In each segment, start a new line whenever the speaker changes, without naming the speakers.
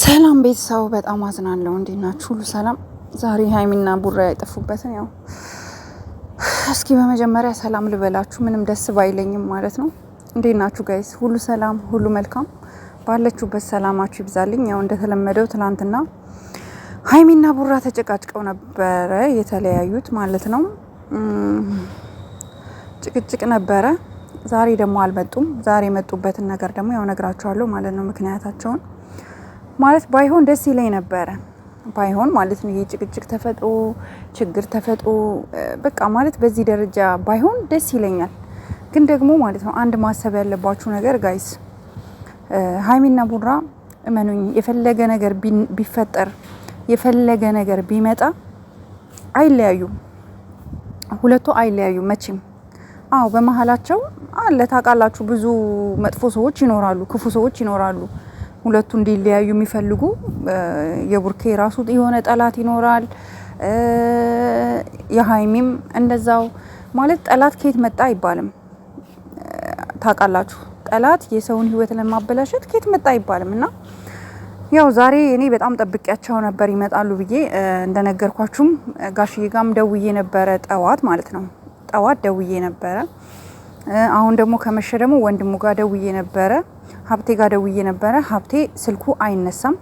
ሰላም ቤተሰቡ፣ በጣም አዝናለሁ። እንዴት ናችሁ? ሁሉ ሰላም? ዛሬ ሀይሚና ቡራ ያጠፉበትን ያው እስኪ በመጀመሪያ ሰላም ልበላችሁ። ምንም ደስ ባይለኝም ማለት ነው። እንዴት ናችሁ ጋይስ? ሁሉ ሰላም፣ ሁሉ መልካም ባለችሁበት ሰላማችሁ ይብዛልኝ። ያው እንደተለመደው ትናንትና ሀይሚና ቡራ ተጨቃጭቀው ነበረ የተለያዩት ማለት ነው። ጭቅጭቅ ነበረ። ዛሬ ደግሞ አልመጡም። ዛሬ የመጡበትን ነገር ደግሞ ያው ነግራችኋለሁ ማለት ነው ምክንያታቸውን ማለት ባይሆን ደስ ይለኝ ነበረ ባይሆን ማለት ነው። ይሄ ጭቅጭቅ ተፈጥሮ ችግር ተፈጥሮ በቃ ማለት በዚህ ደረጃ ባይሆን ደስ ይለኛል። ግን ደግሞ ማለት ነው አንድ ማሰብ ያለባችሁ ነገር ጋይስ፣ ሀይሚና ቡራ እመኑኝ፣ የፈለገ ነገር ቢፈጠር የፈለገ ነገር ቢመጣ አይለያዩ፣ ሁለቱ አይለያዩ መቼም። አዎ በመሀላቸው አለ ታውቃላችሁ፣ ብዙ መጥፎ ሰዎች ይኖራሉ፣ ክፉ ሰዎች ይኖራሉ። ሁለቱ እንዲለያዩ የሚፈልጉ የቡርኬ ራሱ የሆነ ጠላት ይኖራል፣ የሀይሚም እንደዛው። ማለት ጠላት ከየት መጣ አይባልም። ታውቃላችሁ፣ ጠላት የሰውን ህይወት ለማበላሸት ከየት መጣ አይባልም እና ያው ዛሬ እኔ በጣም ጠብቂያቸው ነበር ይመጣሉ ብዬ እንደነገርኳችሁም ጋሽዬ ጋም ደውዬ ነበረ፣ ጠዋት ማለት ነው። ጠዋት ደውዬ ነበረ። አሁን ደግሞ ከመሸ ደግሞ ወንድሙ ጋር ደውዬ ነበረ። ሀብቴ ጋር ደውዬ ነበረ። ሀብቴ ስልኩ አይነሳም።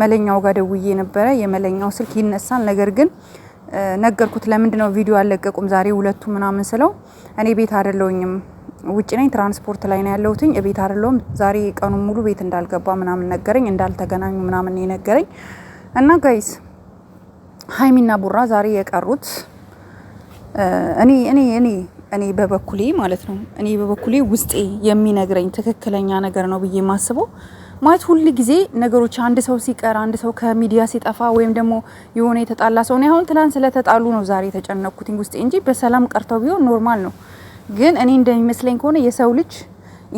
መለኛው ጋር ደውዬ ነበረ። የመለኛው ስልክ ይነሳል፣ ነገር ግን ነገርኩት። ለምንድን ነው ቪዲዮ አለቀቁም ዛሬ ሁለቱ ምናምን ስለው እኔ ቤት አደለውኝም ውጭ ነኝ፣ ትራንስፖርት ላይ ነው ያለሁትኝ፣ ቤት አደለውም ዛሬ ቀኑ ሙሉ ቤት እንዳልገባ ምናምን ነገረኝ። እንዳልተገናኙ ምናምን የነገረኝ እና ጋይስ ሀይሚና ቡራ ዛሬ የቀሩት እኔ እኔ እኔ እኔ በበኩሌ ማለት ነው እኔ በበኩሌ ውስጤ የሚነግረኝ ትክክለኛ ነገር ነው ብዬ የማስበው ማለት ሁል ጊዜ ነገሮች አንድ ሰው ሲቀር አንድ ሰው ከሚዲያ ሲጠፋ ወይም ደግሞ የሆነ የተጣላ ሰው አሁን ትናንት ስለተጣሉ ነው ዛሬ የተጨነኩትኝ ውስጤ እንጂ በሰላም ቀርተው ቢሆን ኖርማል ነው። ግን እኔ እንደሚመስለኝ ከሆነ የሰው ልጅ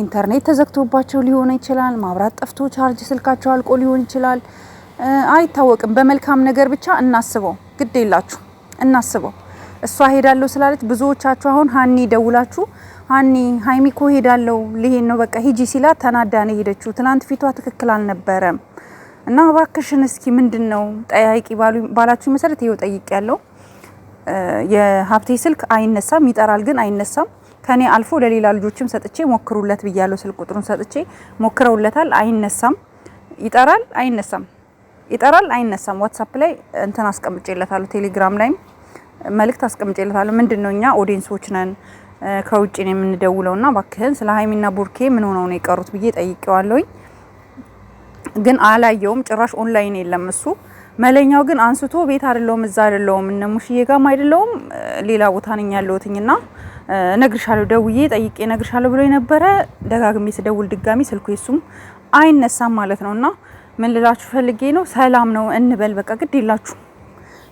ኢንተርኔት ተዘግቶባቸው ሊሆን ይችላል። ማብራት ጠፍቶ ቻርጅ ስልካቸው አልቆ ሊሆን ይችላል። አይታወቅም። በመልካም ነገር ብቻ እናስበው። ግድ የላችሁ እናስበው። እሷ ሄዳለሁ ስላለች ብዙዎቻችሁ አሁን ሀኒ ደውላችሁ ሀኒ ሀይሚኮ ሄዳለሁ ልሄድ ነው በቃ ሂጂ ሲላ ተናዳ ነው ሄደችው። ትናንት ፊቷ ትክክል አልነበረም እና እባክሽን እስኪ ምንድን ነው ጠያቂ ባላችሁ መሰረት ይኸው ጠይቅ ያለው የሀብቴ ስልክ አይነሳም፣ ይጠራል ግን አይነሳም። ከኔ አልፎ ለሌላ ልጆችም ሰጥቼ ሞክሩለት ብያለሁ። ስልክ ቁጥሩን ሰጥቼ ሞክረውለታል። አይነሳም፣ ይጠራል፣ አይነሳም፣ ይጠራል፣ አይነሳም። ዋትሳፕ ላይ እንትን አስቀምጬለታለሁ ቴሌግራም ላይም መልእክት አስቀምጬለታለሁ። ምንድን ነው እኛ ኦዲየንሶች ነን ከውጭ ነው የምንደውለው እና እባክህን ስለ ሀይሚና ቡርኬ ምን ሆነው ነው የቀሩት ብዬ ጠይቄዋለሁኝ። ግን አላየውም። ጭራሽ ኦንላይን የለም እሱ መለኛው ግን አንስቶ ቤት አይደለውም፣ እዛ አይደለውም፣ እነ ሙሽዬ ጋም አይደለውም፣ ሌላ ቦታ ነኝ ያለሁትና እነግርሻለሁ፣ ደውዬ ጠይቄ እነግርሻለሁ ብሎ የነበረ ደጋግሜ ስደውል ድጋሚ ስልኩ የሱም አይነሳም ማለት እና ምን ልላችሁ ፈልጌ ነው። ሰላም ነው እንበል በቃ ግድ የላችሁ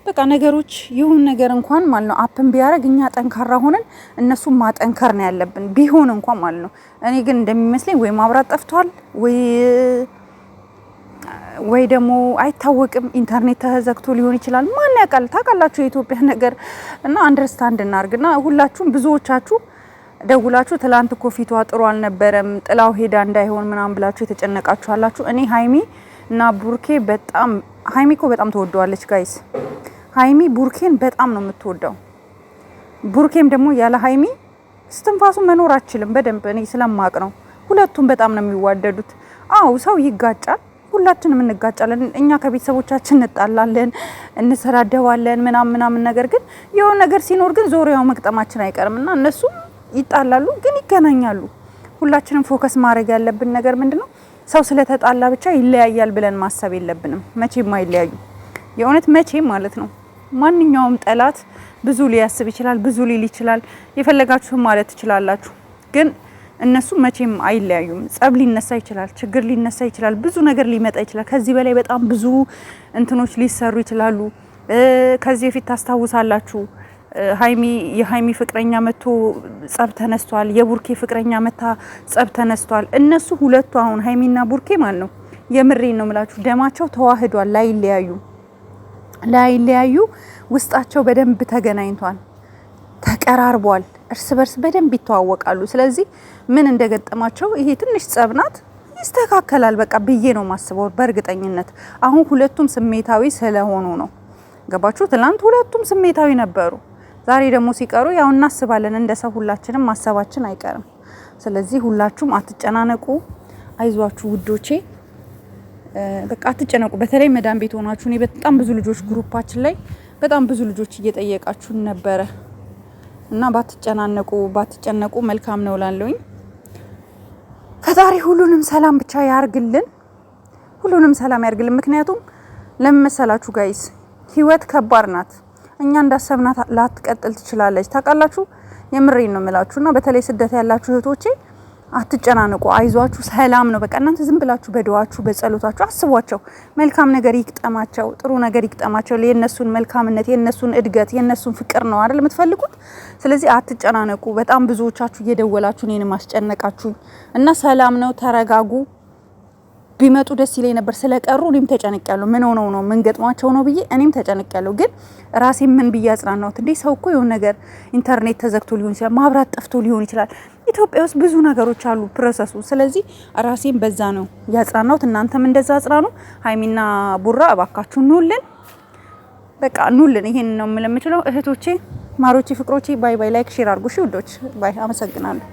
በቃ ነገሮች ይሁን ነገር እንኳን ማለት ነው አፕን ቢያደርግ እኛ ጠንካራ ሆነን እነሱን ማጠንከር ነው ያለብን፣ ቢሆን እንኳን ማለት ነው። እኔ ግን እንደሚመስለኝ ወይ ማብራት ጠፍቷል ወይ ወይ ደግሞ አይታወቅም፣ ኢንተርኔት ተዘግቶ ሊሆን ይችላል። ማን ያውቃል? ታውቃላችሁ የኢትዮጵያ ነገር እና አንደርስታንድ እና ሁላችሁም ብዙዎቻችሁ ደውላችሁ ትላንት እኮ ፊቷ ጥሩ አልነበረም ጥላው ሄዳ እንዳይሆን ምናምን ብላችሁ የተጨነቃችኋላችሁ። እኔ ሀይሚ እና ቡርኬ በጣም ሀይሚ እኮ በጣም ተወደዋለች ጋይስ ሀይሚ ቡርኬን በጣም ነው የምትወደው። ቡርኬም ደግሞ ያለ ሀይሚ ስትንፋሱ መኖር አችልም። በደንብ እኔ ስለማቅ ነው። ሁለቱም በጣም ነው የሚዋደዱት። አው ሰው ይጋጫል፣ ሁላችንም እንጋጫለን። እኛ ከቤተሰቦቻችን እንጣላለን፣ እንሰዳደባለን፣ ምናም ምናምን። ነገር ግን የሆነ ነገር ሲኖር ግን ዞሪያው መቅጠማችን አይቀርም እና እነሱም ይጣላሉ፣ ግን ይገናኛሉ። ሁላችንም ፎከስ ማድረግ ያለብን ነገር ምንድን ነው? ሰው ስለተጣላ ብቻ ይለያያል ብለን ማሰብ የለብንም። መቼም አይለያዩ የእውነት መቼም ማለት ነው። ማንኛውም ጠላት ብዙ ሊያስብ ይችላል፣ ብዙ ሊል ይችላል። የፈለጋችሁን ማለት ትችላላችሁ። ግን እነሱ መቼም አይለያዩም። ጸብ ሊነሳ ይችላል፣ ችግር ሊነሳ ይችላል፣ ብዙ ነገር ሊመጣ ይችላል። ከዚህ በላይ በጣም ብዙ እንትኖች ሊሰሩ ይችላሉ። ከዚህ በፊት ታስታውሳላችሁ ሀይሚ የሀይሚ ፍቅረኛ መጥቶ ጸብ ተነስቷል። የቡርኬ ፍቅረኛ መታ ጸብ ተነስቷል። እነሱ ሁለቱ አሁን ሀይሚና ቡርኬ ማን ነው የምሬ ነው ምላችሁ ደማቸው ተዋህዷል፣ አይለያዩም። ላይለያዩ ውስጣቸው በደንብ ተገናኝቷል፣ ተቀራርቧል፣ እርስ በርስ በደንብ ይተዋወቃሉ። ስለዚህ ምን እንደገጠማቸው ይሄ ትንሽ ጸብ ናት ይስተካከላል በቃ ብዬ ነው ማስበው በእርግጠኝነት። አሁን ሁለቱም ስሜታዊ ስለሆኑ ነው። ገባችሁ? ትላንት ሁለቱም ስሜታዊ ነበሩ። ዛሬ ደግሞ ሲቀሩ ያው እናስባለን፣ እንደ ሰው ሁላችንም ማሰባችን አይቀርም። ስለዚህ ሁላችሁም አትጨናነቁ፣ አይዟችሁ ውዶቼ። በቃ አትጨነቁ። በተለይ መዳን ቤት ሆናችሁ እኔ በጣም ብዙ ልጆች ግሩፓችን ላይ በጣም ብዙ ልጆች እየጠየቃችሁን ነበረ እና ባትጨናነቁ ባትጨነቁ መልካም ነው ላለውኝ ፈጣሪ ሁሉንም ሰላም ብቻ ያርግልን፣ ሁሉንም ሰላም ያርግልን። ምክንያቱም ለምን መሰላችሁ ጋይስ፣ ህይወት ከባድ ናት። እኛ እንዳሰብናት ላትቀጥል ትችላለች። ታውቃላችሁ፣ የምሬን ነው የምላችሁ እና በተለይ ስደት ያላችሁ እህቶቼ አትጨናነቁ፣ አይዟችሁ፣ ሰላም ነው። በቃ እናንተ ዝም ብላችሁ በድዋችሁ በጸሎታችሁ አስቧቸው። መልካም ነገር ይግጠማቸው፣ ጥሩ ነገር ይግጠማቸው። የእነሱን መልካምነት፣ የእነሱን እድገት፣ የእነሱን ፍቅር ነው አይደል የምትፈልጉት? ስለዚህ አትጨናነቁ። በጣም ብዙዎቻችሁ እየደወላችሁ እኔንም አስጨነቃችሁኝ እና ሰላም ነው፣ ተረጋጉ። ቢመጡ ደስ ይለኝ ነበር ስለቀሩ እኔም ተጨንቄያለሁ። ምን ሆነው ነው ምን ገጥሟቸው ነው ብዬ እኔም ተጨንቄያለሁ። ግን ራሴ ምን ብዬ አጽናናሁት? እንዴ ሰው እኮ የሆነ ነገር ኢንተርኔት ተዘግቶ ሊሆን ይችላል፣ ማብራት ጠፍቶ ሊሆን ይችላል። ኢትዮጵያ ውስጥ ብዙ ነገሮች አሉ ፕሮሰሱ። ስለዚህ ራሴን በዛ ነው ያጽናናሁት። እናንተም እንደዛ አጽናኑ። ሀይሚና ቡራ እባካችሁ ኑልን፣ በቃ ኑልን። ይሄን ነው የምለው እህቶቼ፣ ማሮቼ፣ ፍቅሮቼ ባይ ባይ። ላይክ ሼር አድርጉ። ውዶች ባይ። አመሰግናለሁ።